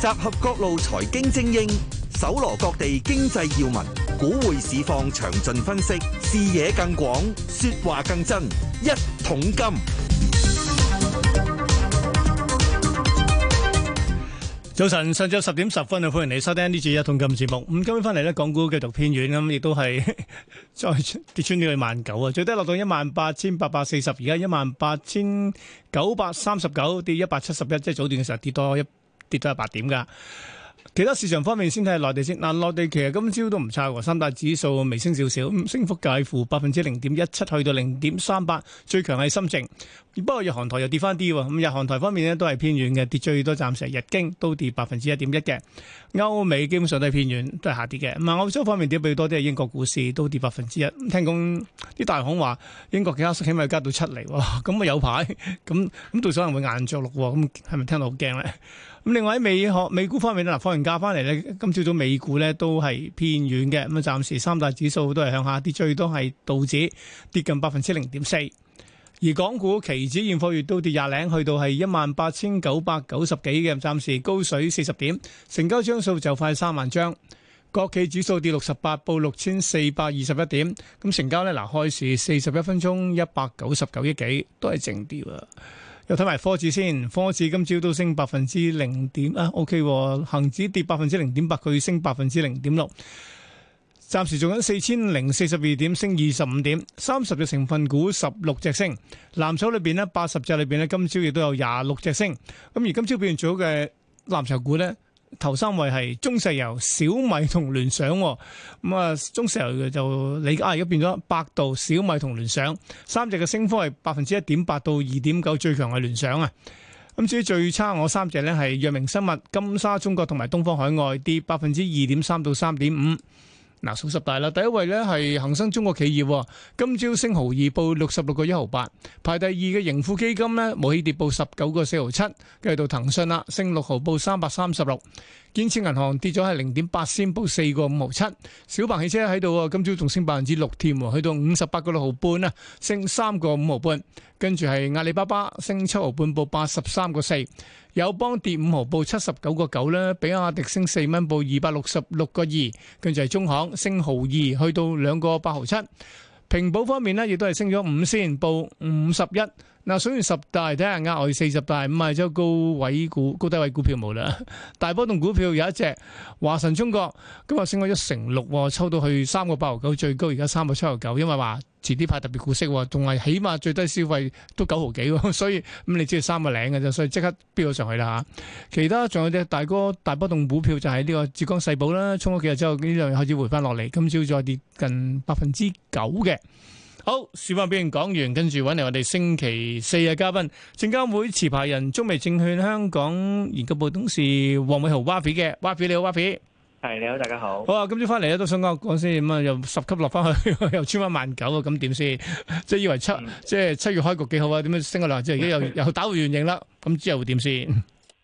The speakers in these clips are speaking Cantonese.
集合各路財經精英，搜羅各地經濟要聞，股匯市況詳盡分析，視野更廣，說話更真。一桶金。早晨，上晝十點十分，歡迎你收聽呢節一桶金節目。咁今日翻嚟咧，港股繼續偏軟咁，亦都係再跌穿咗去萬九啊，最低落到一萬八千八百四十，而家一萬八千九百三十九，跌一百七十一，即係早段嘅時候跌多一。跌到係八點噶，其他市場方面先睇內地先。嗱、啊，內地其實今朝都唔差喎，三大指數微升少少，升幅介乎百分之零點一七去到零點三八。最強係深圳。不過日韓台又跌翻啲喎。咁日韓台方面咧都係偏軟嘅，跌最多，暫時日經都跌百分之一點一嘅。歐美基本上都係偏軟，都係下跌嘅。唔係歐洲方面，跌比多啲？英國股市都跌百分之一。咁聽講啲大行話，英國嘅加息起碼加到七釐喎，咁啊有排咁咁，到時可能會硬着陸喎。咁係咪聽到好驚咧？咁另外喺美學美股方面咧，嗱放完假翻嚟咧，今朝早美股咧都係偏軟嘅，咁啊暫時三大指數都係向下跌，最多係道指跌近百分之零點四，而港股期指現貨月都跌廿零，去到係一萬八千九百九十幾嘅，暫時高水四十點，成交張數就快三萬張，國企指數跌六十八，報六千四百二十一點，咁成交呢，嗱開市四十一分鐘，一百九十九億幾，都係淨跌啊。又睇埋科指先，科指今朝都升百分之零點啊，OK，恒指跌百分之零點八，佢升百分之零點六。暫時做緊四千零四十二點，升二十五點，三十隻成分股十六隻升，藍籌裏邊呢，八十隻裏邊呢，今朝亦都有廿六隻升。咁而今朝表現最好嘅藍籌股呢。頭三位係中石油、小米同聯想，咁，啊中石油就你啊，而家變咗百度、小米同聯想三隻嘅升幅係百分之一點八到二點九，最強係聯想啊。咁至於最差我三隻呢，係藥明生物、金沙中國同埋東方海外的，跌百分之二點三到三點五。嗱，數十大啦，第一位呢係恒生中國企業，今朝升毫二，報六十六個一毫八。排第二嘅盈富基金呢，冇起跌報，報十九個四毫七。跟住到騰訊啦，升六毫，報三百三十六。建設銀行跌咗係零點八仙，報四個五毫七。小鵬汽車喺度，今朝仲升百分之六添，去到五十八個六毫半啦，升三個五毫半。跟住係阿里巴巴，升七毫半，報八十三個四。友邦跌五毫，報七十九個九啦；比亞迪升四蚊，報二百六十六個二。跟住就係中行升毫二，去到兩個八毫七。平保方面呢，亦都係升咗五仙，報五十一。嗱，所以十大睇下，額外四十，大、唔係即係高位股、高低位股票冇啦。大波動股票有一隻華晨中國，今日升咗一成六，抽到去三個八毫九最高，而家三個七毫九，因為話。遲啲派特別股息喎，仲係起碼最低消費都九毫幾喎，所以咁你只要三個零嘅啫，所以即刻飆咗上去啦嚇。其他仲有隻大哥大波動股票就喺呢個浙江世寶啦，衝咗幾日之後，呢兩日開始回翻落嚟，今朝再跌近百分之九嘅。好，市況表現講完，跟住揾嚟我哋星期四嘅嘉賓，證監會持牌人中美證券香港研究部董事黃偉豪 Wafi 嘅 Wafi 你好，Wafi。係，你好，大家好。好啊，今朝翻嚟，咧都想講講先，咁啊又十級落翻去，又穿翻萬九啊，咁點先？即係以為七，嗯、即係七月開局幾好啊？點樣升得落？即係而家又又 打回原形，呃、啦。咁之後會點先？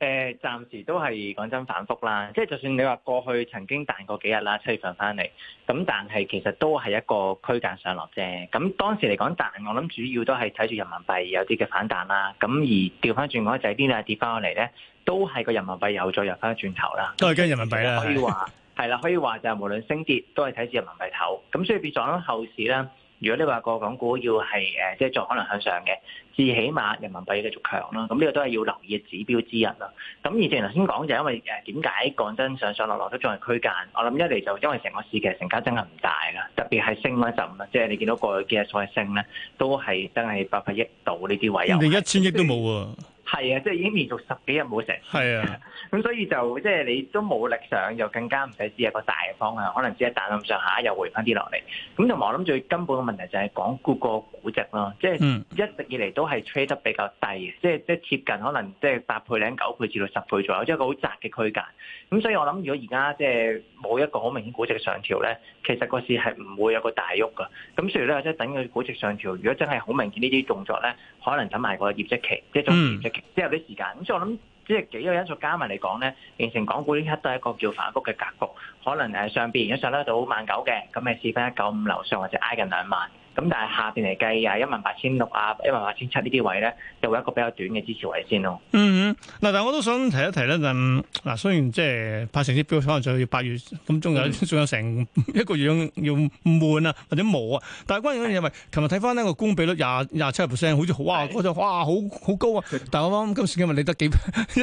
誒，暫時都係講真反覆啦。即係就算你話過去曾經彈過幾日啦，七月份翻嚟，咁但係其實都係一個區間上落啫。咁當時嚟講彈，我諗主要都係睇住人民幣有啲嘅反彈啦。咁而調翻轉我就係啲跌翻落嚟咧。都係個人民幣又再入翻轉頭啦，都係跟人民幣啦。可以話係啦，可以話就係無論升跌都係睇住人民幣頭。咁所以變咗後市咧，如果你話個港股要係誒即係再可能向上嘅，至起碼人民幣繼續強啦。咁呢個都係要留意嘅指標之一啦。咁而之前頭先講就因為誒點解講真上上落落都仲係區間？我諗一嚟就因為成個市其實成交真係唔大啦，特別係升嗰陣啦，即係你見到過去幾日所謂升咧，都係真係百分一到呢啲位有，你一千億都冇喎、啊。係啊，即係已經連續十幾日冇成。係啊，咁、 嗯、所以就即係、就是、你都冇力上，就更加唔使知一個大嘅方向，可能只係彈咁上下，又回翻啲落嚟。咁同埋我諗最根本嘅問題就係講個估值咯，即、就、係、是、一直以嚟都係 trade 得比較低即係貼近可能即係八倍、零九倍至到十倍左右，即、就、係、是、個好窄嘅區間。咁所以我諗如果而家即係冇一個好明顯估值上調咧，其實個市係唔會有個大喐㗎。咁所以咧，即係等佢估值上調，如果真係好明顯呢啲動作咧，可能等埋個業績期，即係做業績期。嗯之後啲時間，咁所以我諗，即係幾個因素加埋嚟講咧，形成港股呢一刻都係一個叫反覆嘅格局，可能係上邊有上得到萬九嘅，咁你試分一九五樓上或者挨近兩萬。咁但係下面嚟計啊，一萬八千六啊，一萬八千七呢啲位咧，就會一個比較短嘅支持位先咯。嗯，嗱，但係我都想提一提咧，就嗱，雖然即係派成績表，可能就要八月咁仲有，仲有成一個月要要悶啊，或者冇啊。但係關鍵嗰樣嘢係琴日睇翻呢個沽空比率廿廿七個 percent，好似哇嗰陣哇好好高啊！但係我啱啱今時今日你得幾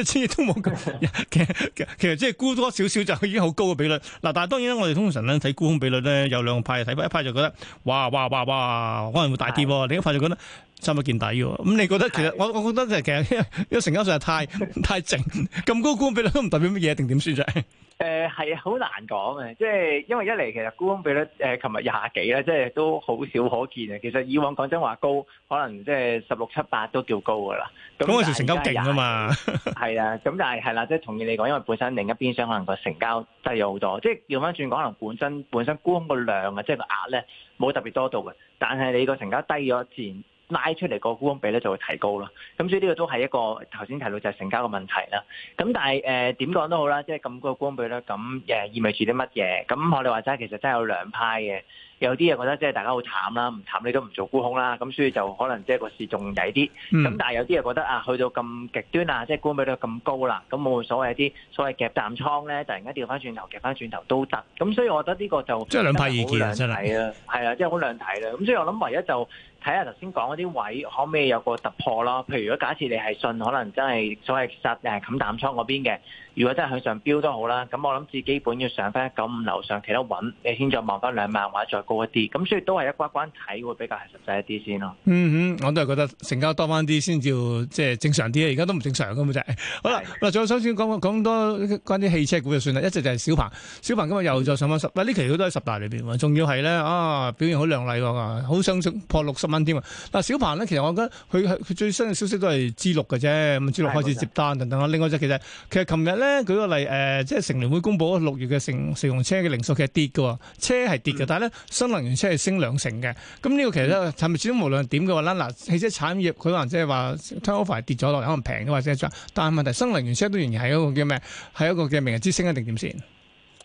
一千億都冇咁， 其實其實即係沽多少少就已經好高嘅比率。嗱，但係當然我哋通常呢睇沽空比率咧有兩個派睇，一派就覺得哇哇哇哇～哇哇哇，可能會大啲喎，你一發就覺得差唔多見底喎，咁你覺得其實我我覺得就其實因為成交上係太太靜，咁高沽比率都唔代表乜嘢定點算啫。誒係好難講嘅，即係因為一嚟其實沽空比率誒，琴日廿幾咧，即係都好少可見啊。其實以往講真話高，可能即係十六七八都叫高噶啦。嗰、嗯、陣時成交勁啊嘛，係啊，咁但係係啦，即係同意你講，因為本身另一邊商可能個成交低咗好多，即係調翻轉講，可能本身本身沽空個量啊，即係個額咧冇特別多到嘅，但係你個成交低咗一截。自然拉出嚟個沽空比咧就會提高囉，咁所以呢個都係一個頭先提到就係成交嘅問題啦。咁但係誒點講都好啦，即係咁高嘅沽空比咧，咁誒意味住啲乜嘢？咁我哋話齋其實真係有兩派嘅，有啲人覺得即係大家好淡啦，唔淡你都唔做沽空啦，咁所以就可能即係個市仲抵啲。咁、嗯、但係有啲人覺得啊，去到咁極端啊，即係沽空比都咁高啦，咁冇所謂啲所謂夾淡倉咧，突然間掉翻轉頭，夾翻轉頭都得。咁所以我覺得呢個就即係、就是、兩派意見啊，真係啊，係啊，即係好兩睇啦。咁 所以我諗唯一就。睇下頭先講嗰啲位置可唔可以有個突破咯？譬如如果假設你係信，可能真係所謂實誒冚淡倉嗰邊嘅，如果真係向上飆都好啦。咁我諗至基本要上翻一九五樓上，企得穩，你先再望翻兩萬或者再高一啲。咁所以都係一關關睇，會比較係實際一啲先咯。嗯哼、嗯，我都係覺得成交多翻啲先至即係正常啲咧。而家都唔正常咁滯、就係。好啦，嗱，最後首先講講多關啲汽車股就算啦。一直就係小鵬，小鵬今日又再上翻十、嗯。嗱，呢期佢都喺十大裏邊喎。仲要係咧啊，表現好靚麗喎，好想破六十。添嗱，小鵬咧，其實我覺得佢佢最新嘅消息都係 G 六嘅啫，咁 G 六開始接單等等啦。另外就其實其實琴日咧舉個例誒、呃，即係乘聯會公佈六月嘅乘乘用車嘅零售其實係跌嘅喎，車係跌嘅、嗯，但係咧新能源車係升兩成嘅。咁呢個其實產品始終無論點嘅話啦，嗱，汽車產業佢可能即係話 Tesla 係跌咗落，嚟，可能平嘅或者咗，但係問題係新能源車都仍然係一個叫咩係一個嘅明日之星啊？定點先？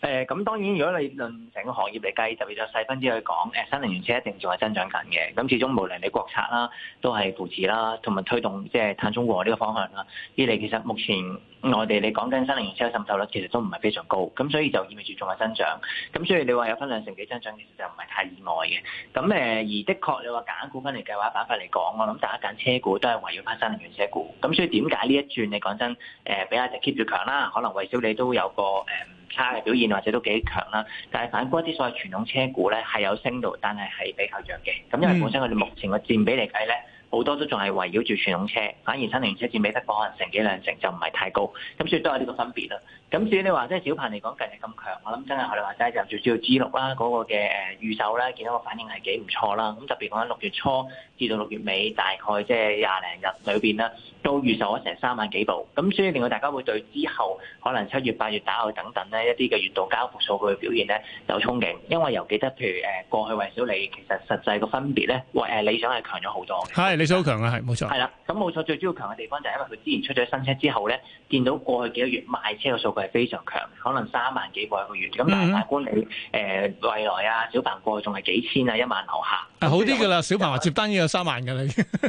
誒、嗯、咁當然，如果你論整個行業嚟計，特別就有細分之去講，新能源車一定仲係增長緊嘅。咁始終無論你國策啦，都係扶持啦，同埋推動即係碳中和呢個方向啦。而你其實目前我哋你講緊新能源車嘅滲透率其實都唔係非常高，咁所以就意味住仲係增長。咁所以你話有分兩成幾增長，其實就唔係太意外嘅。咁而的確你話揀股分嚟計劃板塊嚟講，我諗大家揀車股都係圍繞翻新能源車股。咁所以點解呢一轉你講真誒比較就 keep 住強啦？可能維修你都有個、呃嘅表現或者都幾強啦，但係反觀一啲所謂傳統車股咧，係有升到，但係係比較弱嘅，咁因為本身我哋目前嘅佔比嚟計咧。好多都仲係圍繞住傳統車，反而新能源車至美得可能成幾兩成就唔係太高，咁所以都有呢個分別啦。咁至於你話即係小彭嚟講近期咁強，我諗真係我哋話齋就住只要 G 六啦嗰個嘅預售咧，見到個反應係幾唔錯啦。咁特別講喺六月初至到六月尾大概即係廿零日裏邊啦，都預售咗成三萬幾部，咁所以令到大家會對之後可能七月、八月打去等等咧一啲嘅月度交付數據嘅表現咧有憧憬，因為由記得譬如誒過去為小李其實實際個分別咧，為誒理想係強咗好多。你超強啊，係冇錯。係啦，咁冇錯，最主要強嘅地方就係因為佢之前出咗新車之後咧，見到過去幾個月賣車嘅數據係非常強，可能三萬幾個一個月。咁、嗯、但係，大觀你誒、呃、未來啊，小鵬過去仲係幾千啊，一萬樓下。啊、嗯嗯，好啲㗎啦，小鵬話、嗯、接單已經有三萬㗎啦。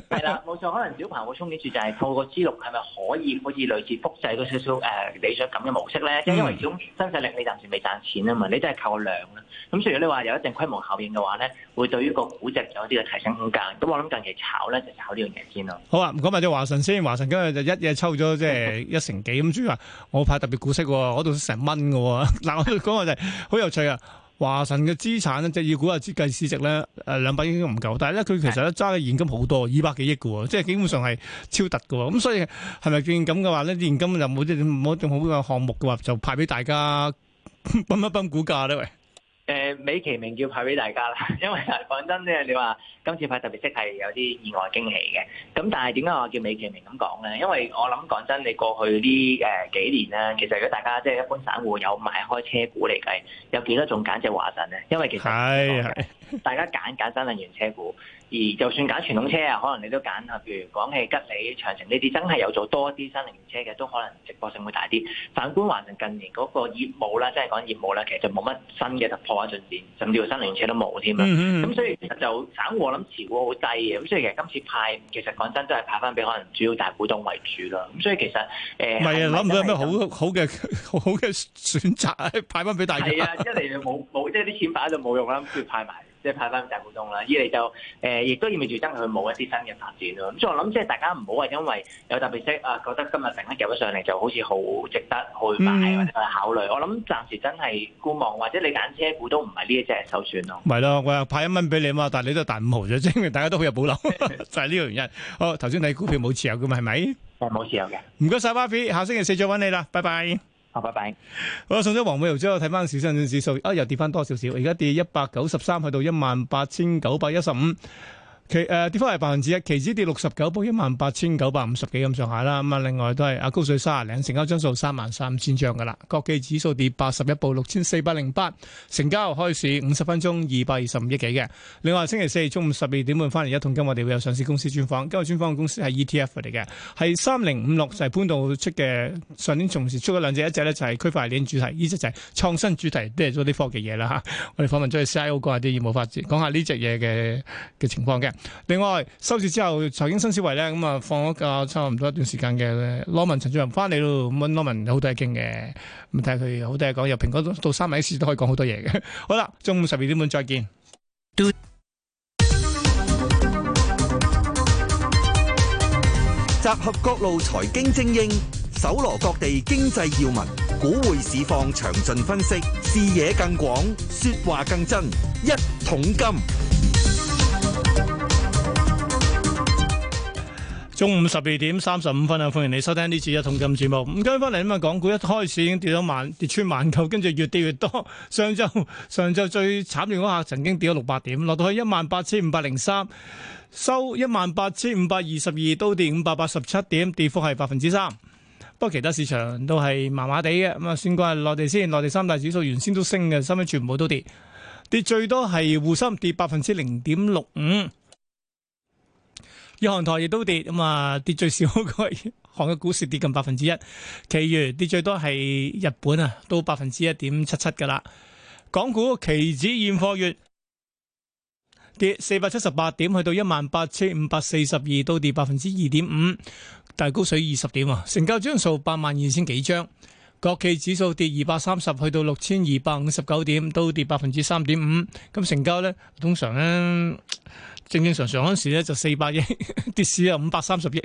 係啦，冇 錯，可能小鵬嘅重點處就係透過 G6 係咪可以好似類似複製嗰少少誒理想感嘅模式咧、嗯？因為因為種新勢力，你暫時未賺錢啊嘛，你都係靠量啦。咁所以你話有一定規模效應嘅話咧，會對於個估值有啲嘅提升空間。咁我諗近期炒咧。考呢樣嘢先咯。好啊，唔講埋隻華神先。華神今日就一夜抽咗即係一成幾咁。主要話， 我派特別股息喎，攞到成蚊嘅。嗱，我講話就係好有趣啊。華神嘅資產咧，就以估下，折計市值咧，誒兩百億都唔夠。但係咧，佢其實咧揸嘅現金好多，二百幾億嘅，即係基本上係超突嘅。咁所以係咪變咁嘅話咧？啲現金就冇啲冇一啲好嘅項目嘅話，就派俾大家崩 一崩股價咧？喂誒、呃、美其名叫派俾大家啦，因為講真咧，你話今次派特別息係有啲意外驚喜嘅。咁但係點解我叫美其名咁講咧？因為我諗講真，你過去呢誒幾年咧，其實如果大家即係一般散戶有買開車股嚟計，有幾多種揀直話陣咧？因為其實 大家揀揀新能源車股。而就算揀傳統車啊，可能你都揀啊。譬如講起吉利、長城呢啲，真係有做多啲新能源車嘅，都可能直播性會大啲。反觀華潤近年嗰個業務啦，即係講業務啦，其實就冇乜新嘅突破啊進展，甚至乎新能源車都冇添啦。咁、嗯嗯嗯、所，所以其實就省我諗持股好低嘅，咁所以其實今次派其實講真都係派翻俾可能主要大股東為主啦。咁所以其實誒，唔、呃、係啊，諗唔到有咩好好嘅好嘅選擇派翻俾大家。係啊，一嚟冇冇，即係啲錢擺喺度冇用啦，不如派埋。即係派翻大股東啦，二嚟就誒，亦、呃、都意味住，真係佢冇一啲新嘅發展咯。咁所以我諗，即係大家唔好話，因為有特別息啊，覺得今日突然夾咗上嚟，就好似好值得去買或者去考慮。嗯、我諗暫時真係觀望，或者你揀車股都唔係呢一隻首選咯。唔係咯，我又派一蚊俾你嘛，但係你都大五毫咗啫，大家都好有保留， 就係呢個原因。好，頭先你的股票冇持有嘅嘛，係咪？誒冇持有嘅。唔該晒，w a 下星期四再揾你啦，拜拜。好，拜拜。好啦，送咗黃偉豪之後，睇翻市，上證指數，啊，又跌翻多少少，而家跌一百九十三，去到一萬八千九百一十五。其誒、呃、跌幅係百分之一，期指跌六十九報，一萬八千九百五十幾咁上下啦。咁啊，另外都係阿高水卅零，成交張數三萬三千張噶啦。國企指數跌八十一報，六千四百零八，成交開市五十分鐘二百二十五億幾嘅。另外星期四中午十二點半翻嚟一桶金，今日我哋會有上市公司專訪。今日專訪嘅公司係 E T F 嚟嘅，係三零五六就係潘道出嘅。上年同時出咗兩隻，一隻呢就係區塊鏈主題，呢隻就係創新主題，都係做啲科技嘢啦吓。我哋訪問咗去 C I O 講下啲業務發展，講下呢隻嘢嘅嘅情況嘅。另外收市之後財經新思維咧，咁啊放咗個差唔多一段時間嘅羅文陳主任翻嚟咯，咁啊羅文有好多嘢傾嘅，咁但係佢有好多嘢講，由蘋果到三米 A 都可以講好多嘢嘅。好啦，中午十二點半再見。集合各路財經精英，搜羅各地經濟要聞，股匯市況詳盡分析，視野更廣，說話更真，一桶金。中午十二點三十五分啊，歡迎你收聽呢次一桶金節目。咁今日翻嚟咁啊，港股一開始已經跌咗萬，跌穿萬九，跟住越跌越多。上周上周最慘嘅嗰刻，曾經跌咗六百點，落到去一萬八千五百零三，收一萬八千五百二十二，都跌五百八十七點，跌幅係百分之三。不過其他市場都係麻麻地嘅。咁啊，先講下內地先，內地三大指數原先都升嘅，今日全部都跌，跌最多係滬深跌百分之零點六五。日韓台亦都跌，咁啊跌最少嗰個韓國股市跌近百分之一，其餘跌最多係日本啊，都百分之一點七七噶啦。港股期指現貨月跌四百七十八點，去到一萬八千五百四十二，都跌百分之二點五，大高水二十點啊。成交張數八萬二千幾張，國企指數跌二百三十，去到六千二百五十九點，都跌百分之三點五。咁成交咧，通常咧。正正常常嗰時咧就四百億， 跌市啊五百三十億。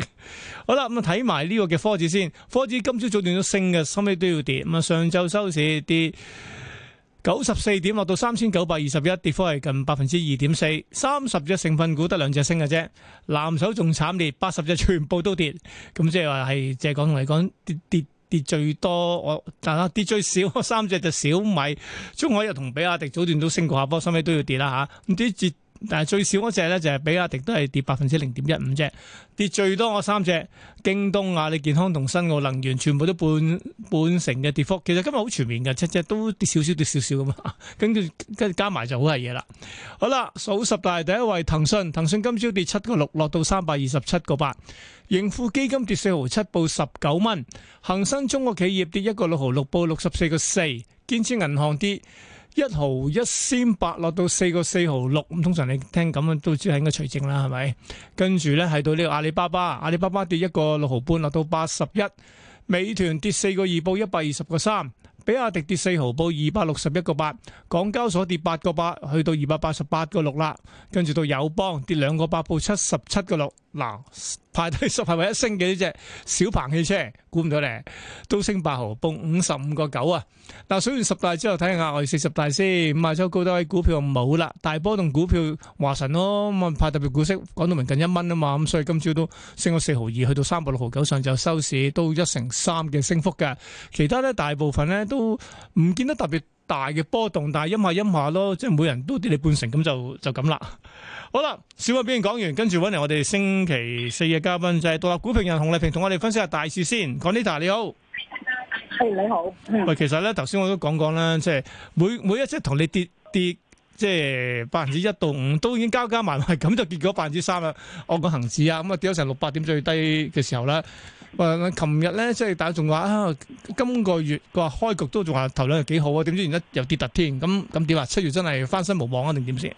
好啦，咁啊睇埋呢個嘅科指先，科指今朝早段都升嘅，收尾都要跌。咁啊上晝收市跌九十四點，落到三千九百二十一，跌幅係近百分之二點四。三十隻成分股得兩隻升嘅啫，藍籌仲慘烈，八十隻全部都跌。咁即係話係即係講嚟講跌跌跌最多，我嗱跌最少，三隻就小米、中海又同比亞迪早段都升過下波，收尾都要跌啦吓。咁、啊、啲跌。跌但係最少嗰隻咧就係、是、比亞迪都係跌百分之零點一五啫，跌最多嗰三隻，京東、阿里健康同新奧能源全部都半半成嘅跌幅。其實今日好全面嘅，七隻都跌少少跌少少咁嘛。跟住跟住加埋就好係嘢啦。好啦，數十大第一位騰訊，騰訊今朝跌七個六，落到三百二十七個八。盈富基金跌四毫七，報十九蚊。恒生中國企業跌一個六毫六，報六十四個四。建設銀行跌。一毫一仙八落到四個四毫六，通常你聽咁樣都知係應該除淨啦，係咪？跟住呢係到呢個阿里巴巴，阿里巴巴跌一個六毫半落到八十一，美團跌四個二報一百二十個三，比亞迪跌四毫報二百六十一個八，港交所跌八個八去到二百八十八個六啦，跟住到友邦跌兩個八報七十七個六。嗱，排第十係唯一升嘅呢隻小鵬汽車，估唔到咧，都升八毫，報五十五個九啊！嗱，數完十大之後，睇下外四十大先。五啊周高多嘅股票冇啦，大波動股票華晨咯，咁啊派特別股息，講到明近一蚊啊嘛，咁所以今朝都升咗四毫二，去到三百六毫九上就收市，都一成三嘅升幅嘅。其他咧大部分咧都唔見得特別。大嘅波動，但係陰下陰下咯，即係每人都跌你半成咁就就咁啦。好啦，小巴邊講完，跟住搵嚟我哋星期四嘅嘉賓就係、是、獨立股評人洪麗萍，同我哋分析下大市先。講呢頭你好，係你好。喂，其實呢頭先我都講講啦，即係每每一隻同你跌跌。即係百分之一到五，都已經交加埋埋，咁就結果百分之三啦。我個恒指啊，咁啊跌咗成六百點最低嘅時候咧，誒、呃，琴日咧即係大家仲話啊，今個月個開局都仲話頭兩日幾好啊，點知而家又跌突添，咁咁點啊？七月真係翻身無望啊，定點先？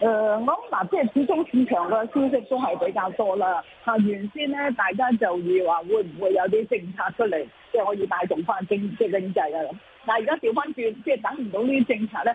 誒、呃，我嗱，即係始終市場嘅消息都係比較多啦。嚇，原先咧大家就話會唔會有啲政策出嚟，即係可以帶動翻政即係經濟啊？咁，但係而家調翻轉，即係等唔到呢啲政策咧。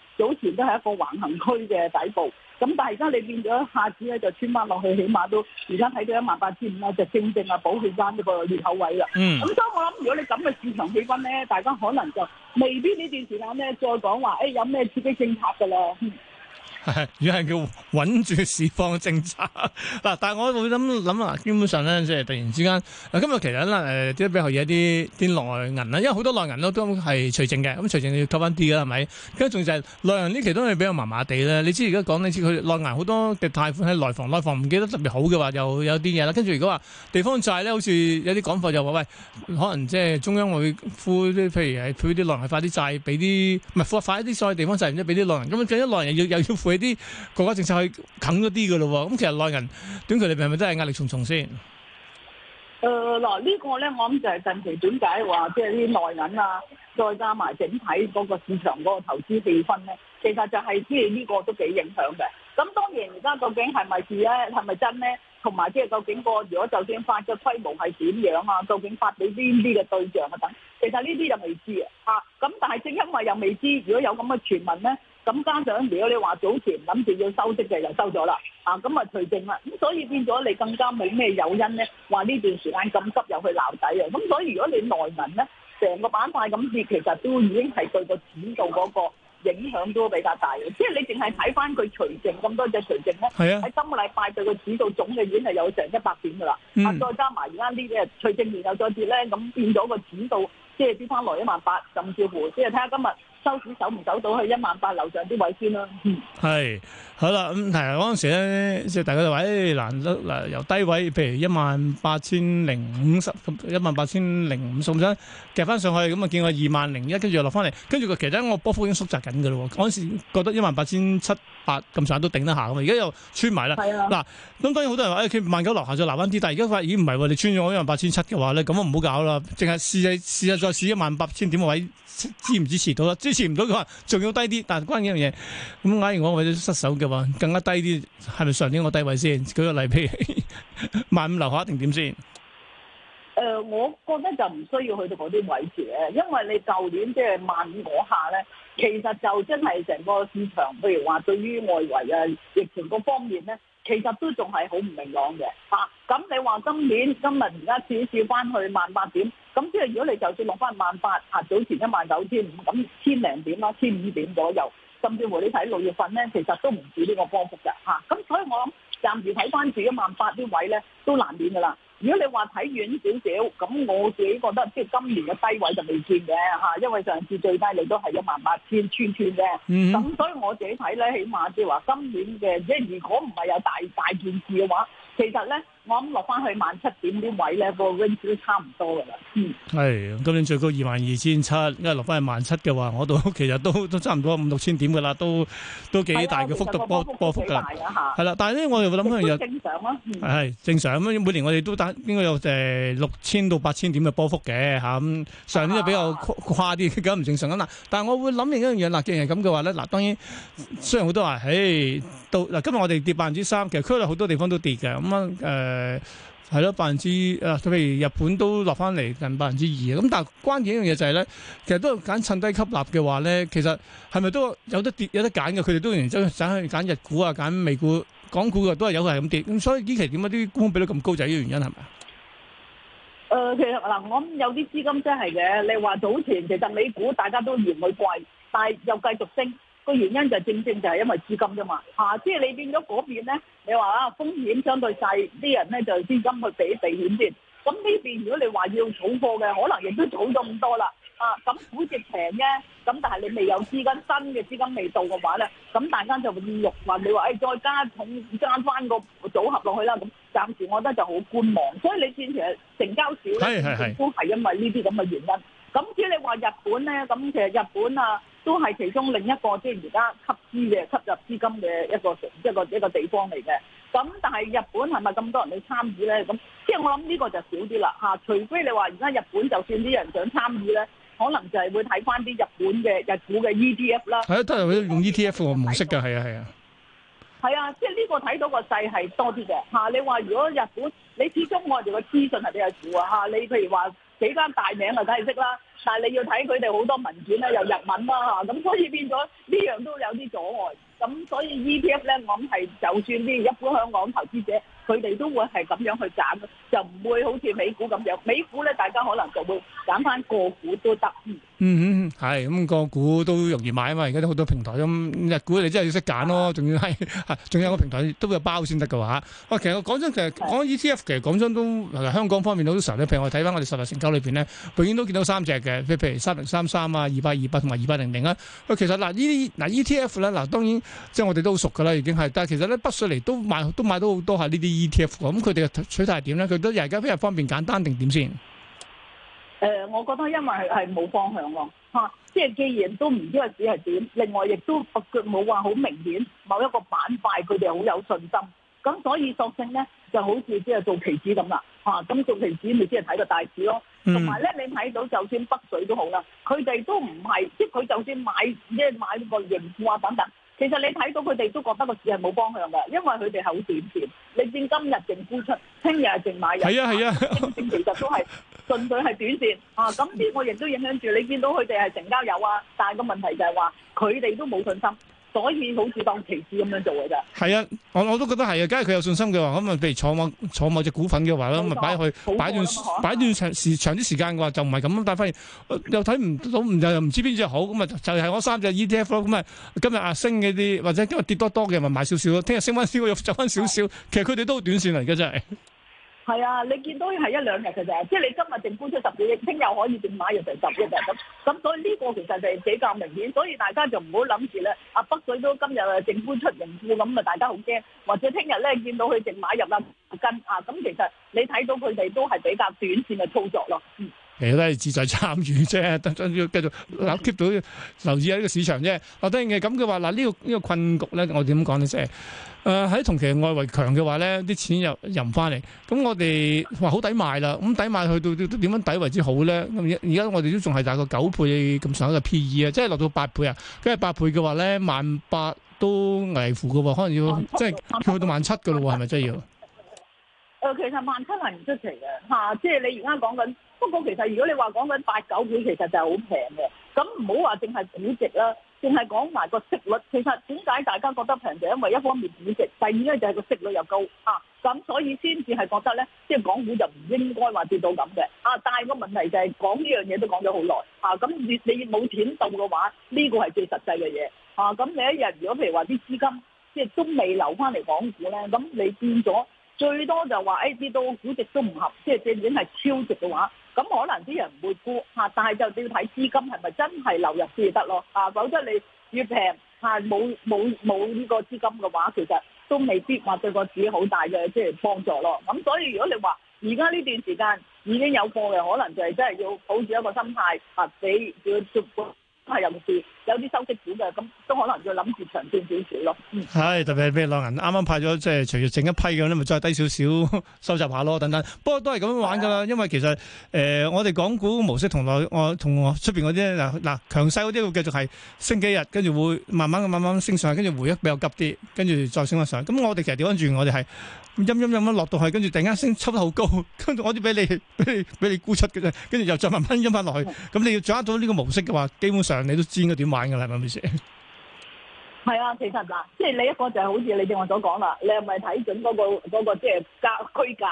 早前都係一個橫行區嘅底部，咁但係而家你變咗一下子咧，就穿翻落去，起碼都而家睇到一萬八千五啦，就正正啊，補氣間呢個裂口位啦。嗯，咁所以我諗，如果你咁嘅市場氣氛咧，大家可能就未必呢段時間咧再講話，誒有咩刺激政策㗎喇。如果係叫穩住市況嘅政策嗱， 但係我會諗諗啦，基本上咧即係突然之間嗱，今日其實咧誒，啲、呃、比較有啲啲內銀啦，因為好多內銀咧都係除淨嘅，咁除淨要 cut 翻啲啦，係咪？跟住仲就係內銀呢期都係比較麻麻地啦。你知而家講你知佢內銀好多嘅貸款喺內房、內房唔記得特別好嘅話，又有啲嘢啦。跟住如果話地方債咧，好似有啲講法就話喂，可能即係中央會付啲，譬如係付啲內銀快啲債，俾啲唔係快啲所有地方債，唔知俾啲內銀。咁啊，咁一內銀要又要，又要俾啲國家政策去啃咗啲嘅咯喎，咁其實內銀短期嚟嚟係咪真係壓力重重先？誒嗱，呢個咧我諗就係近期點解話即係啲內銀啊，再加埋整體嗰個市場嗰個投資氣氛咧，其實就係即係呢個都幾影響嘅。咁當然而家究竟係咪事咧，係咪真咧，同埋即係究竟個如果就算發嘅規模係點樣啊，究竟發俾邊啲嘅對象啊等，其實呢啲就未知啊。咁但係正因為又未知，如果有咁嘅傳聞咧。咁加上如果你話早前諗住要收息嘅，又收咗啦，啊咁啊除淨啦，咁所以變咗你更加冇咩誘因咧，話呢段時間咁急又去撈底啊，咁所以如果你內銀咧，成個板塊咁跌，其實都已經係對個指數嗰個影響都比較大嘅，即係你淨係睇翻佢除淨咁多隻除淨咧，係啊，喺今個禮拜對個指數總嘅已經係有成一百點噶啦，啊、嗯、再加埋而家呢啲啊除淨然後再跌咧，咁變咗個指數即係跌翻來一萬八，甚至乎即係睇下今日。收市走唔走到去一萬八樓上啲位先啦、啊。係、嗯，好啦。咁提下嗰陣時咧，即係大家就話，誒、哎、難得嗱、呃呃、由低位，譬如一萬八千零五十一萬八千零五十咁樣夾翻上去，咁啊見過二萬零一，跟住又落翻嚟，跟住佢其實個波幅已經縮窄緊㗎啦。嗰陣時覺得一萬八千七百咁上下都頂得下咁啊，而家又穿埋啦。嗱，咁當然好多人都話，誒、哎、萬九樓下再拿翻啲，但係而家發現咦唔係喎，你穿咗我一萬八千七嘅話咧，咁啊唔好搞啦，淨係試，試試下再試一萬八千點嘅位。支唔支持到啦？支持唔到的話，佢話仲要低啲。但係關於呢樣嘢，咁假如我為咗失手嘅話，更加低啲，係咪上年個低位先？舉個例，譬 如萬五樓下定點先？誒、呃，我覺得就唔需要去到嗰啲位置嘅，因為你舊年即係萬五嗰下咧，其實就真係成個市場，譬如話對於外圍啊疫情各方面咧，其實都仲係好唔明朗嘅吓。咁、啊、你話今年今日而家指數翻去萬八點？咁、嗯、即係如果你就算落翻萬八，啊早前一萬九千五，咁千零點啦，千五點左右，甚至乎你睇六月份咧，其實都唔止呢個波幅嘅吓。咁所以我諗暫時睇翻自己萬八啲位咧，都難免噶啦。如果你話睇遠少少，咁我自己覺得即係今年嘅低位就未見嘅、啊、因為上次最低你都係一萬八千串串嘅。咁、嗯、所以我自己睇咧，起碼即話今年嘅，即係如果唔係有大大件事嘅話，其實咧。我咁落翻去萬七點啲位咧，個 range 都差唔多噶啦。嗯，係、今年最高二萬二千七，因為落翻去萬七嘅話，我度其實都都差唔多五六千點噶啦，都都幾大嘅幅度波、啊、波幅噶啦、啊。係啦、啊啊，但係咧，我哋又諗翻嘢，正常咯、啊。係、嗯哎、正常咁，每年我哋都得應該有誒六千到八千點嘅波幅嘅嚇咁。上年就比較誇啲，咁、啊、唔 正常啊嗱。但係我會諗另一樣嘢嗱，既然係咁嘅話咧，嗱當然雖然好多話，誒、哎、到嗱今日我哋跌百分之三，其實區內好多地方都跌嘅咁誒。嗯嗯誒，係咯，百分之誒，譬如日本都落翻嚟，近百分之二，咁但係關鍵一樣嘢就係、是、咧，其實都係揀趁低吸納嘅話咧，其實係咪都有得跌有得揀嘅？佢哋都仍然揀去揀日股啊，揀美股、港股嘅都係有係咁跌，咁所以呢期點解啲股比率咁高就係呢個原因係咪？誒、呃，其實嗱、呃，我諗有啲資金真係嘅，你話早前其實美股大家都嫌佢貴，但係又繼續升。個原因就是正正就係因為資金啫嘛、啊，啊，即係你變咗嗰邊咧，你話啊風險相對細，啲人咧就資金去俾避險先。咁呢邊如果你話要炒貨嘅，可能亦都炒咗咁多啦，啊，咁估值平嘅，咁但係你未有資金，新嘅資金未到嘅話咧，咁大家就意欲話你話誒、哎、再加桶加翻個組合落去啦。咁暫時我覺得就好觀望，所以你見其實成交少咧，都係因為呢啲咁嘅原因。咁至於你話日本咧，咁其實日本啊，都係其中另一個即係而家吸資嘅、吸入資金嘅一個一個一個地方嚟嘅。咁但係日本係咪咁多人去參與咧？咁即係我諗呢個就少啲啦。嚇、啊，除非你話而家日本就算啲人想參與咧，可能就係會睇翻啲日本嘅日股嘅 ETF 啦。係啊，都係用 ETF 我唔識㗎，係啊，係啊、這個。啊，即係呢個睇到個勢係多啲嘅嚇。你話如果日本，你始終我哋個資訊係比較少啊嚇。你譬如話。幾間大名咪梗係識啦，但係你要睇佢哋好多文件咧，又日文啦吓，咁所以變咗呢樣都有啲阻礙。咁所以 E P F 咧，我諗係就算啲一般香港投資者。佢哋都會係咁樣去揀，就唔會好似美股咁樣。美股咧，大家可能就會揀翻個股都得。嗯嗯嗯，係咁個股都容易買啊嘛！而家都好多平台咁、嗯、日股，你真係、啊、要識揀咯。仲要係仲有個平台都會有包先得嘅話。喂、啊，其實我講真，其實講 E T F，其實講真都嚟香港方面好多時候咧。譬如我睇翻我哋十日成交裏邊咧，永遠都見到三隻嘅。譬如三零三三啊、二八二八同埋二八零零啊。喂，其實嗱，依啲嗱 E T F 咧，嗱、啊啊、當然即係我哋都好熟嘅啦，已經係。但係其實咧，北水嚟都買都買到好多嚇呢啲。啊 E T F 咁佢哋嘅取態點咧？佢都而家比較方便簡單定點先？誒、呃，我覺得因為係冇方向咯，吓、啊，即係既然都唔知個市係點，另外亦都冇話好明顯某一個板塊佢哋好有信心，咁所以索性咧就好似、啊、只係做期指咁啦，吓，咁做期指咪只係睇個大市咯。同埋咧，你睇到就算北水都好啦，佢哋都唔係，即係佢就算買即係買個盈富啊等等。其實你睇到佢哋都覺得個市係冇方向㗎，因為佢哋係好短線。你見今日淨沽出，聽日係淨買入，係啊係啊，啊啊 其實都係純粹係短線啊！咁呢個亦都影響住你見到佢哋係成交有啊，但係個問題就係話佢哋都冇信心。所以好似當期指咁樣做嘅啫。係啊，我我都覺得係啊。梗係佢有信心嘅話，咁咪譬如坐某坐某隻股份嘅話，咁咪擺佢擺段擺段，擺段時長啲時間嘅話，就唔係咁。但係發現又睇唔到，唔又唔知邊隻好。咁咪就係我三隻 ETF 囉。咁咪今日啊升嗰啲，或者今日跌多多嘅，咪買少少咯。聽日升翻少，又走翻少少。其實佢哋都好短線嚟嘅真係。 係啊，你見到係一兩日嘅啫，即係你今日淨搬出十幾億，聽日可以淨買入成十億嘅咁，咁所以呢個其實就係比較明顯，所以大家就唔好諗住咧，啊北水都今日啊淨搬出人庫，咁啊大家好驚，或者聽日咧見到佢淨買入啊跟啊，咁其實你睇到佢哋都係比較短線嘅操作咯。嗯其實都係志在參與啫，得要繼續 keep 到留意喺呢個市場啫。我當然係咁，佢話嗱呢個呢個困局咧，我點講咧？即係誒喺同期外圍強嘅話咧，啲錢又入唔翻嚟。咁我哋話好抵賣啦。咁抵賣去到點點樣抵為之好咧？咁而家我哋都仲係大概九倍咁上下嘅 P E 啊，即係落到八倍啊。跟住八倍嘅話咧，萬八都危乎嘅喎，可能要即係去到萬七嘅咯，係咪真係要？誒，其實萬七係唔出奇嘅嚇，即係你而家講緊。不過其實如果你話講緊八九股其實就係好平嘅，咁唔好話淨係估值啦，淨係講埋個息率。其實點解大家覺得平就因為一方面估值，第二咧就係個息率又高啊，咁所以先至係覺得咧，即係港股就唔應該話跌到咁嘅。啊，但係個問題就係講呢樣嘢都講咗好耐啊，咁你你冇錢竇嘅話，呢個係最實際嘅嘢啊。咁你一日如果譬如話啲資金即係都未留翻嚟港股咧，咁你變咗最多就話哎，跌到估值都唔合，即係正正係超值嘅話。咁可能啲人唔會沽吓，但係就要睇資金係咪真係流入先得咯。啊，否則你越平係冇冇冇呢個資金嘅話，其實都未必話對個市好大嘅即係幫助咯。咁所以如果你話而家呢段時間已經有貨嘅，可能就係真係要抱住一個心態，啊，俾要逐步都係任事。有啲收息股嘅，咁都可能要諗住長線少少咯。嗯，係，特別係俾老人啱啱派咗，即係隨住整一批咁咧，咪再低少少收集下咯，等等。不過都係咁樣玩噶啦，因為其實誒、呃，我哋港股模式同我我同出邊嗰啲嗱嗱強勢嗰啲會繼續係升幾日，跟住會慢慢慢慢升上去，跟住回憶比較急啲，跟住再升翻上去。咁我哋其實調翻轉，我哋係陰陰陰咁落到去，跟住突然間升出得好高，跟住我啲俾你俾你俾你，你沽出嘅啫，跟住又再慢慢陰翻落去。咁、嗯嗯、你要掌握到呢個模式嘅話，基本上你都知應該點。買噶啦，係咪先？係啊，其實嗱，即係你一個就係好似你正話所講啦，你係咪睇準嗰個嗰個即係間區間，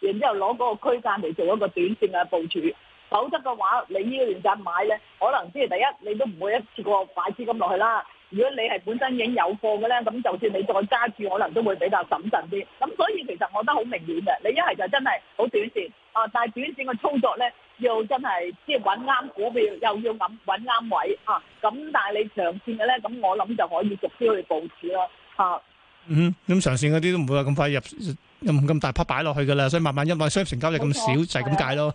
然之後攞嗰個區間嚟做一個短線嘅部署？否則嘅話，你呢個原則買咧，可能即係第一，你都唔會一次過買資金落去啦。如果你係本身已經有貨嘅咧，咁就算你再加注，可能都會比較謹慎啲。咁所以其實我覺得好明顯嘅，你一係就真係好短線啊，但係短線嘅操作咧。要真係即係揾啱股票，又要諗揾啱位啊！咁但係你長線嘅咧，咁我諗就可以逐招去佈置咯啊！嗯，咁長線嗰啲都唔會話咁快入，唔咁大 part 擺落去噶啦，所以慢慢因為商業成交率咁少，就係咁解咯。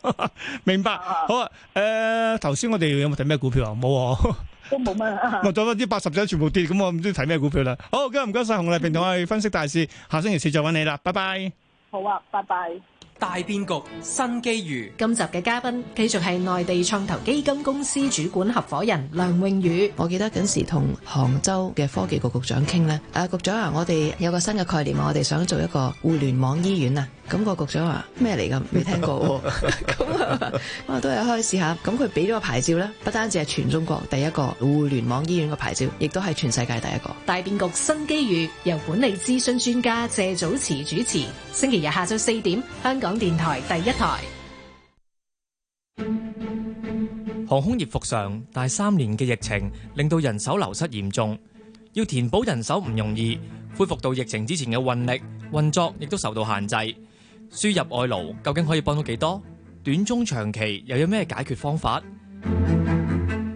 明白，好啊！誒，頭先我哋有冇睇咩股票啊？冇喎，都冇咩。咪百分之八十隻全部跌，咁我唔知睇咩股票啦。好，今日唔該曬洪麗萍同我哋分析大市，下星期四再揾你啦，拜拜。好啊，拜拜。大變局，新機遇。今集嘅嘉賓繼續係內地創投基金公司主管合夥人梁穎宇。我記得嗰時同杭州嘅科技局局長傾咧，啊局長啊，我哋有個新嘅概念，我哋想做一個互聯網醫院啊。咁個局長話咩嚟㗎？未聽過喎。咁 啊、嗯，都、嗯、係、嗯嗯、開始下。咁佢俾咗個牌照啦，不單止係全中國第一個互聯網醫院嘅牌照，亦都係全世界第一個。大變局、新機遇。由管理諮詢專家謝祖慈主持，星期日下晝四點，香港電台第一台。航空業復常，但係三年嘅疫情令到人手流失嚴重，要填補人手唔容易，恢復到疫情之前嘅運力運作，亦都受到限制。輸入外勞究竟可以幫到幾多？短中長期又有咩解決方法？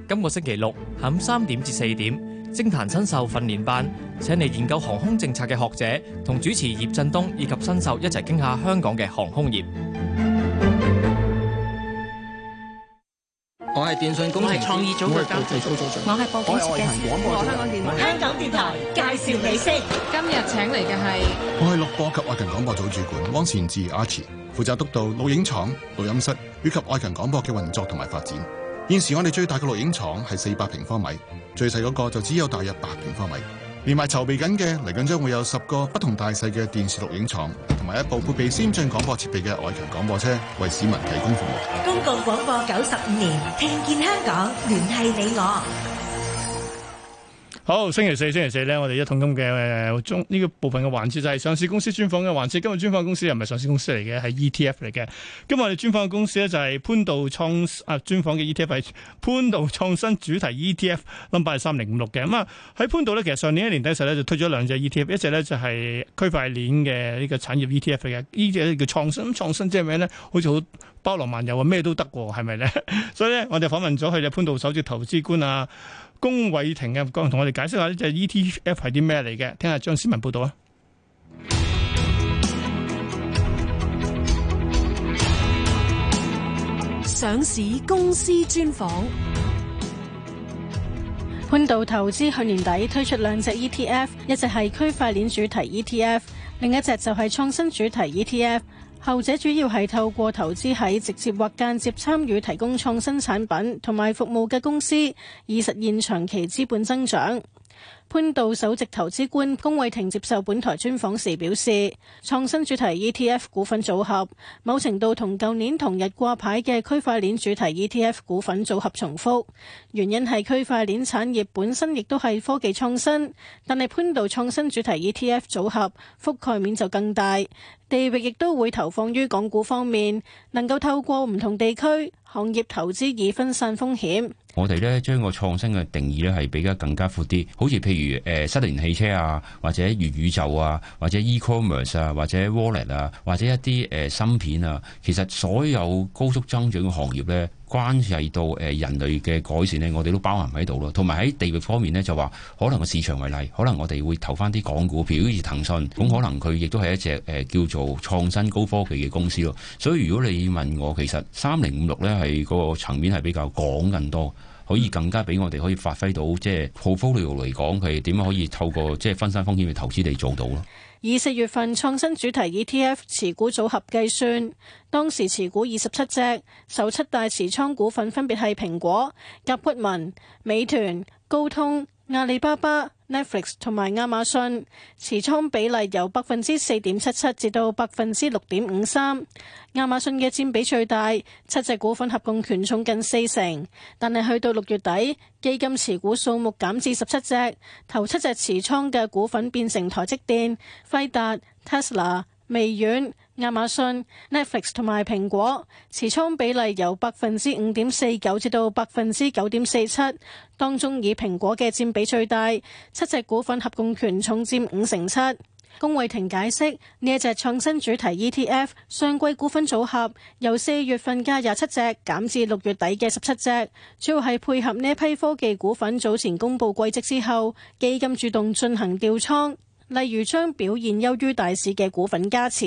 今個星期六下午三點至四點，政壇新秀訓練班，請嚟研究航空政策嘅學者同主持葉振東以及新秀一齊傾下香港嘅航空業。我係電訊工程創意組嘅，我係播火節目我，播我香港電香港電，香港電台介紹你先。今日請嚟嘅係，我係錄播及愛勤廣播組主管汪前志 Arch 負責負責督導錄影廠、錄音室以及愛勤廣播嘅運作同埋發展。現時我哋最大嘅錄影廠係四百平方米，最細嗰個就只有大約八平方米。連埋籌備緊嘅，嚟緊將會有十個不同大細嘅電視錄影廠，同埋一部配備先進廣播設備嘅外勤廣播車，為市民提供服務。公共廣播九十五年，聽見香港，聯繫你我。好、oh，星期四，星期四咧，我哋一桶金嘅中呢個部分嘅環節就係上市公司專訪嘅環節。今日專訪嘅公司又唔係上市公司嚟嘅，係 ETF 嚟嘅。今日我哋專訪嘅公司咧，就係潘度創啊，專訪嘅 ETF 係潘度創新主題 ETF，number、no. 係三零五六嘅。咁啊喺潘度咧，其實上年一年底時呢，咧就推咗兩隻 ETF，一隻咧就係區塊鏈嘅呢個產業 ETF 嚟嘅。呢、這、隻、個、叫創新，創新即係咩咧？好似好包羅萬有啊，咩都得喎，係咪咧？所以咧，我哋訪問咗佢哋潘度首席投資官啊。龔偉霆嘅，剛同我哋解釋下呢隻 E T F 係啲咩嚟嘅？聽下張思文報道啊！上市公司專訪，潘度投資去年底推出兩隻 E T F，一隻係區塊鏈主題 E T F，另一隻就係創新主題 E T F。後者主要係透過投資喺直接或間接參與提供創新產品同埋服務嘅公司，以實現長期資本增長。潘道首席投資官龔慧婷接受本台專訪時表示，創新主題 ETF 股份組合某程度同舊年同日掛牌嘅區塊鏈主題 ETF 股份組合重複，原因係區塊鏈產業本身亦都係科技創新，但係潘道創新主題 ETF 組合覆蓋面就更大，地域亦都會投放於港股方面，能夠透過唔同地區行業投資以分散風險。我哋呢將個創新嘅定義呢係比較更加闊啲，好似譬如誒新能源汽車啊，或者元宇宙啊，或者 e-commerce 啊，或者 wallet 啊，或者一啲、呃、芯片啊，其實所有高速增長嘅行業呢。關係到誒人類嘅改善呢，我哋都包含喺度咯。同埋喺地域方面呢，就話可能個市場為例，可能我哋會投翻啲港股票，好似騰訊咁，可能佢亦都係一隻誒叫做創新高科技嘅公司咯。所以如果你問我，其實三零五六呢係個層面係比較廣更多，可以更加俾我哋可以發揮到，即係 portfolio 嚟講佢係點樣可以透過即係分散風險嘅投資嚟做到咯。以四月份創新主題 ETF 持股組合計算，當時持股二十七隻，首七大持倉股份分別係蘋果、甲骨文、美團、高通、阿里巴巴。Netflix 同埋亞馬遜持倉比例由百分之四點七七至到百分之六點五三，亞馬遜嘅佔比最大，七隻股份合共權重近四成，但係去到六月底，基金持股數目減至十七隻，頭七隻持倉嘅股份變成台積電、輝達、Tesla。微軟、亞馬遜、Netflix 同埋蘋果持倉比例由百分之五點四九至到百分之九點四七，當中以蘋果嘅佔比最大，七隻股份合共權重佔五成七。龔惠婷解釋呢一隻創新主題 ETF 上季股份組合由四月份加廿七隻減至六月底嘅十七隻，主要係配合呢批科技股份早前公布季績之後，基金主動進行調倉。例如將表現優於大市嘅股份加持，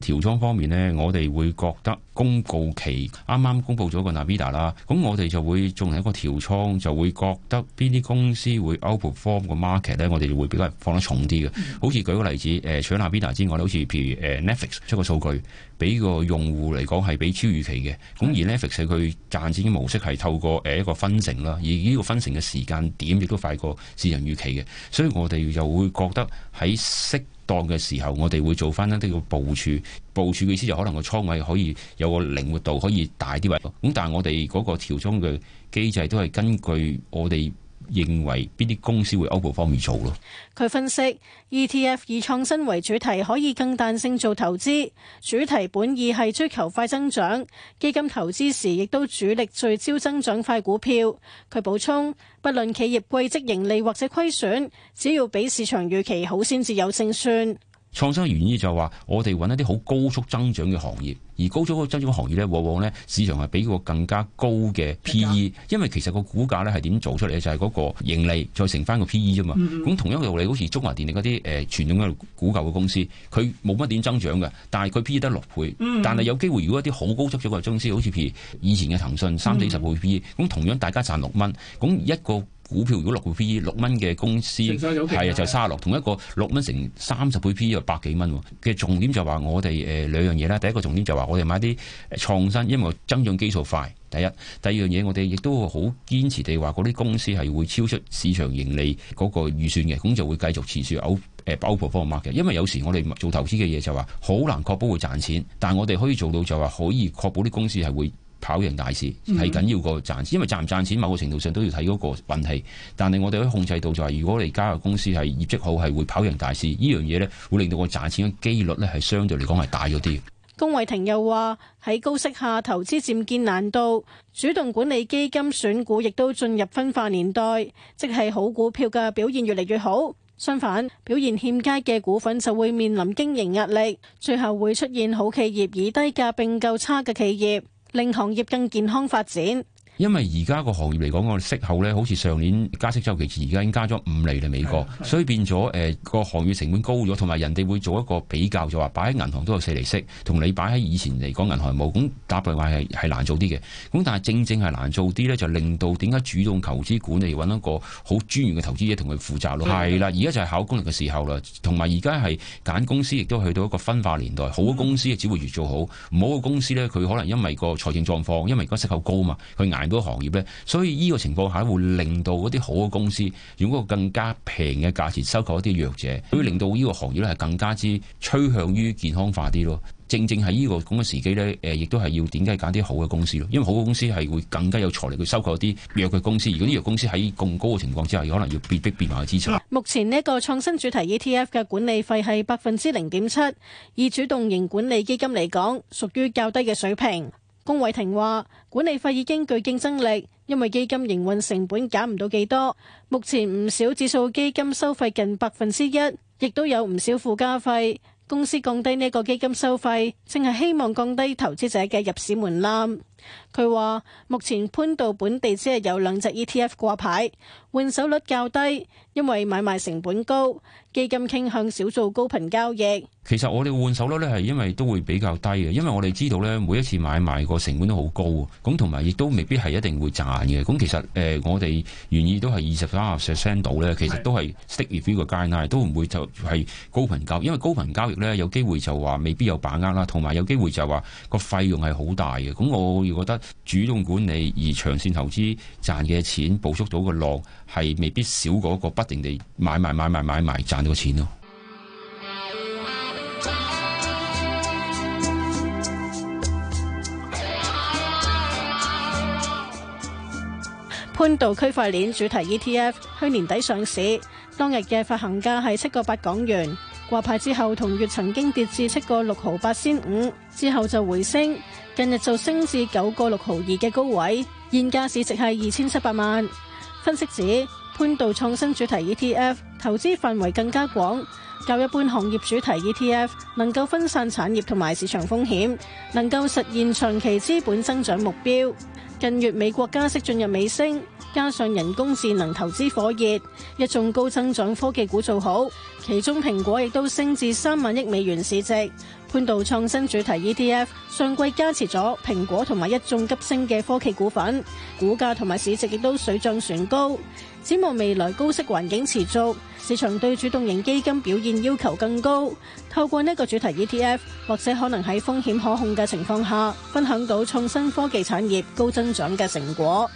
調倉方面咧，我哋會覺得。公告期啱啱公布咗個 Nvidia 啦，咁我哋就會進行一個調倉，就會覺得邊啲公司會 outperform 個 market 咧，我哋會比較放得重啲嘅、嗯。好似舉個例子，除咗 Nvidia 之外好似譬如 Netflix 出個數據，俾個用戶嚟講係俾超預期嘅。咁、嗯、而 Netflix 佢賺錢嘅模式係透過一個分成啦，而呢個分成嘅時間點亦都快過市場預期嘅，所以我哋又會覺得喺適當嘅時候，我哋會做翻一啲個部署。部署嘅意思就可能個倉位可以有個靈活度，可以大啲位咯咁，但係我哋嗰個調倉嘅機制都係根據我哋認為邊啲公司會歐布方面做咯。佢分析 E T F 以創新為主題，可以更彈性做投資。主題本意係追求快增長，基金投資時亦都主力聚焦增長快股票。佢補充，不論企業季績盈利或者虧損，只要比市場預期好，先至有勝算。創新嘅原意就係話，我哋揾一啲好高速增長嘅行業，而高速增長嘅行業咧，往往咧市場係比個更加高嘅 P E，因為其實個股價咧係點做出嚟咧，就係、是、嗰個盈利再乘翻個 P E 啫嘛。咁、嗯、同樣嘅道理，好似中華電力嗰啲誒傳統嘅古舊嘅公司，佢冇乜點增長嘅，但係佢 P E 得六倍，嗯、但係有機會如果一啲好高速嘅公司，好似譬如以前嘅騰訊三四十倍 P E，咁同樣大家賺六蚊，咁一個。股票如果六倍 PE，六蚊嘅公司，係啊，就是、卅六，同一個六蚊成三十倍 PE 就百幾蚊，嘅重點就話我哋誒兩樣嘢啦。第一個重點就話我哋買啲創新，因為增長基數快。第一，第二樣嘢我哋亦都好堅持地話，嗰啲公司係會超出市場盈利嗰個預算嘅，咁就會繼續持續 out, outperform market 嘅。因為有時我哋做投資嘅嘢就話好難確保會賺錢，但係我哋可以做到就話可以確保啲公司係會跑贏大市係緊要過賺錢，因為賺唔賺錢，某個程度上都要睇嗰個運氣。但係我哋可以控制到、就是，就係如果你加入公司係業績好，係會跑贏大市呢樣嘢咧，事會令到個賺錢嘅幾率咧係相對嚟講係大咗啲。龔慧婷又話喺高息下投資漸見難度，主動管理基金選股亦都進入分化年代，即係好股票嘅表現越嚟越好。相反，表現欠佳嘅股份就會面臨經營壓力，最後會出現好企業以低價併購差嘅企業。令行業更健康發展。因為而家個行業嚟講，個息口咧好似上年加息周期時，而家已經加咗五厘嚟美國，所以變咗誒個行業成本高咗，同埋人哋會做一個比較，就話擺喺銀行都有四厘息，同你擺喺以前嚟講銀行冇，咁搭。嚟話係難做啲嘅。咁但係正正係難做啲呢，就令到點解主動投資管理，要揾一個好專業嘅投資者同佢負責咯。係啦，而家就係考功力嘅時候啦，同埋而家係揀公司亦都去到一個分化年代，好嘅公司只會越做好，唔好嘅公司呢，佢可能因為個財政狀況，因為而家息口高嘛，佢多個行業咧，所以呢個情況下會令到嗰啲好嘅公司用一個更加平嘅價錢收購一啲弱者，會令到呢個行業咧係更加之趨向於健康化啲咯。正正係呢個咁嘅時機咧，誒，亦都係要點解揀啲好嘅公司咯？因為好嘅公司係會更加有財力去收購一啲弱嘅公司。如果呢個公司喺咁高嘅情況之下，可能要變逼變賣嘅支出。目前呢個創新主題 ETF 嘅管理費係百分之零點七，以主動型管理基金嚟講，屬於較低嘅水平。龔偉庭話：管理費已經具競爭力，因為基金營運成本減唔到幾多。目前唔少指數基金收費近百分之一，亦都有唔少附加費。公司降低呢個基金收費，正係希望降低投資者嘅入市門檻。佢話：目前潘島本地只係有兩隻 ETF 掛牌，換手率較低，因為買賣成本高，基金傾向少做高頻交易。其實我哋換手率咧係因為都會比較低嘅，因為我哋知道呢，每一次買賣個成本都好高，咁同埋亦都未必係一定會賺嘅。咁其實誒，我哋願意都係二十三十 percent 到呢，其實都係 stick with the guideline，都唔會就係高頻交易，因為高頻交易呢，有機會就話未必有把握啦，同埋有機會就話個費用係好大嘅。咁我。覺得主動管理而長線投資賺嘅錢，捕捉到嘅浪，係未必少過一個不停地買賣買賣買賣賺到錢咯。潘渡區塊鏈主題 ETF 去年底上市，當日嘅發行價係七個八港元，掛牌之後同月曾經跌至七個六毫八仙五，之後就回升。近日就升至九個六毫二嘅高位，現價市值係二千七百萬。分析指，潘道創新主題 ETF 投資範圍更加廣，較一般行業主題 ETF，能夠分散產業同埋市場風險，能夠實現長期資本增長目標。近月美國加息進入尾聲。加上人工智能投資火熱，一眾高增長科技股做好，其中蘋果亦都升至三萬億美元市值。判度創新主題 ETF 上季加持咗蘋果同埋一眾急升嘅科技股份，股價同埋市值亦都水漲船高。展望未來高息環境持續，市場對主動型基金表現要求更高。透過呢個主題 ETF，或者可能喺風險可控嘅情況下，分享到創新科技產業高增長嘅成果。